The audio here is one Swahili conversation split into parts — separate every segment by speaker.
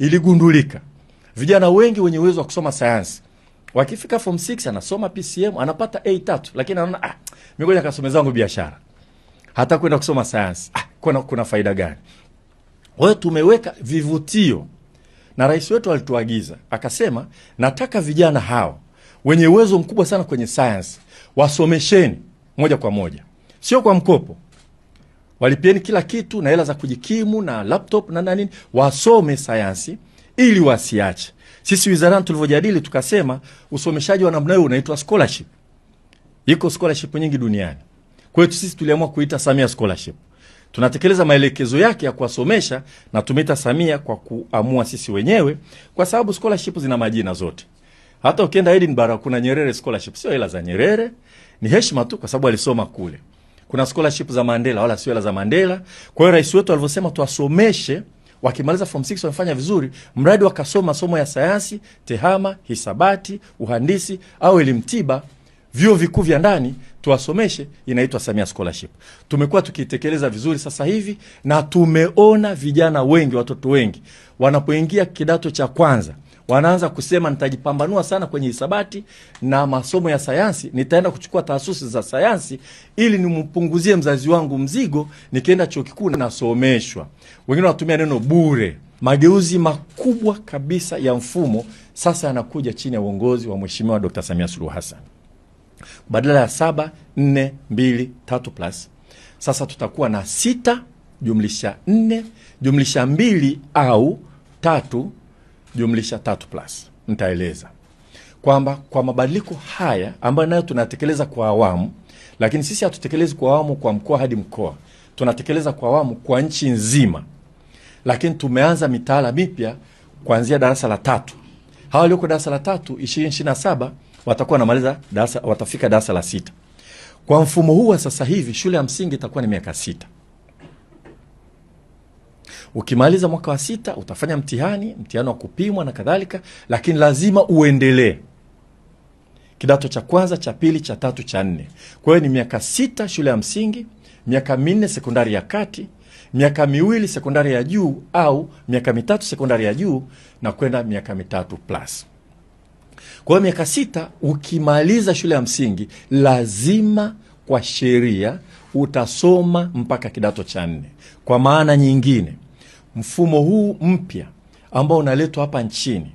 Speaker 1: Iligundulika vijana wengi wenye uwezo wa kusoma sayansi wakifika form 6 anasoma PCM anapata A3, lakini anaona ah, mimi ngoja kasome zangu biashara, hata kwenda kusoma sayansi ah, kuna, kuna faida gani? Kwa hiyo tumeweka vivutio na rais wetu alituagiza akasema, nataka vijana hao wenye uwezo mkubwa sana kwenye sayansi wasomesheni moja kwa moja, sio kwa mkopo walipieni kila kitu na hela za kujikimu na laptop na nanini, wasome sayansi ili wasiache. Sisi wizarani tulivyojadili, tukasema usomeshaji wa namna hiyo unaitwa scholarship. Iko scholarship nyingi duniani, kwa hiyo sisi tuliamua kuita Samia scholarship. Tunatekeleza maelekezo yake ya kuwasomesha na tumeita Samia kwa kuamua sisi wenyewe, kwa sababu scholarship zina majina zote. Hata ukienda Edinburgh kuna Nyerere scholarship, sio hela za Nyerere, ni heshima tu, kwa sababu alisoma kule kuna scholarship za Mandela wala sio hela za Mandela. Kwa hiyo rais wetu alivyosema tuwasomeshe wakimaliza form 6 wamefanya vizuri, mradi wakasoma masomo ya sayansi, tehama, hisabati, uhandisi au elimu tiba, vyuo vikuu vya ndani tuwasomeshe, inaitwa Samia Scholarship. Tumekuwa tukitekeleza vizuri sasa hivi, na tumeona vijana wengi, watoto wengi wanapoingia kidato cha kwanza wanaanza kusema nitajipambanua sana kwenye hisabati na masomo ya sayansi, nitaenda kuchukua taasisi za sayansi ili nimpunguzie mzazi wangu mzigo, nikienda chuo kikuu nasomeshwa. Wengine wanatumia neno bure. Mageuzi makubwa kabisa ya mfumo sasa yanakuja chini ya uongozi wa Mheshimiwa Dr. Samia Suluhu Hassan. Badala ya saba nne mbili tatu plus sasa tutakuwa na sita jumlisha nne jumlisha mbili au tatu jumlisha tatu plus. Nitaeleza kwamba kwa mabadiliko haya ambayo nayo tunatekeleza kwa awamu, lakini sisi hatutekelezi kwa awamu kwa mkoa hadi mkoa, tunatekeleza kwa awamu kwa nchi nzima, lakini tumeanza mitaala mipya kuanzia darasa la tatu. Hawa walioko darasa la tatu ishirini ishirini na saba watakuwa wanamaliza darasa, watafika darasa la sita. Kwa mfumo huu wa sasa hivi shule ya msingi itakuwa ni miaka sita. Ukimaliza mwaka wa sita utafanya mtihani, mtihani wa kupimwa na kadhalika, lakini lazima uendelee kidato cha kwanza, cha pili, cha tatu, cha nne. Kwa hiyo ni miaka sita shule ya msingi, miaka minne sekondari ya kati, miaka miwili sekondari ya juu, au miaka mitatu sekondari ya juu na kwenda miaka mitatu plus. Kwa hiyo miaka sita ukimaliza shule ya msingi, lazima kwa sheria utasoma mpaka kidato cha nne. Kwa maana nyingine Mfumo huu mpya ambao unaletwa hapa nchini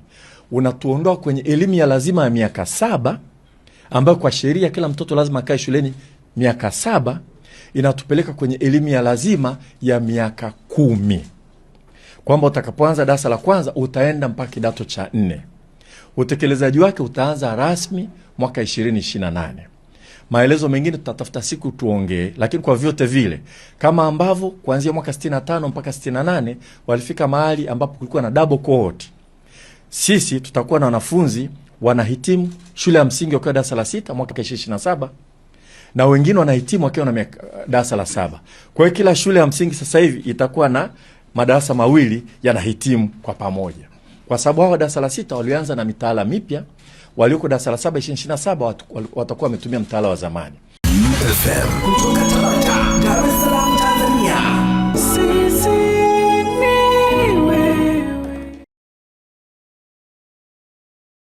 Speaker 1: unatuondoa kwenye elimu ya lazima ya miaka saba ambayo kwa sheria kila mtoto lazima akae shuleni miaka saba, inatupeleka kwenye elimu ya lazima ya miaka kumi, kwamba utakapoanza darasa la kwanza utaenda mpaka kidato cha nne. Utekelezaji wake utaanza rasmi mwaka nane Maelezo mengine tutatafuta siku tuongee, lakini kwa vyote vile, kama ambavyo kuanzia mwaka 65 mpaka 68 walifika mahali ambapo kulikuwa na double cohort, sisi tutakuwa na wanafunzi wanahitimu shule ya msingi wakiwa darasa la sita mwaka 27 na wengine wanahitimu wakiwa na darasa la saba. Kwa hiyo kila shule ya msingi sasa hivi itakuwa na madarasa mawili yanahitimu kwa pamoja, kwa sababu hawa darasa la sita walianza na mitaala mipya walioko darasa la saba ishirini watakuwa wametumia mtaala wa zamani FM.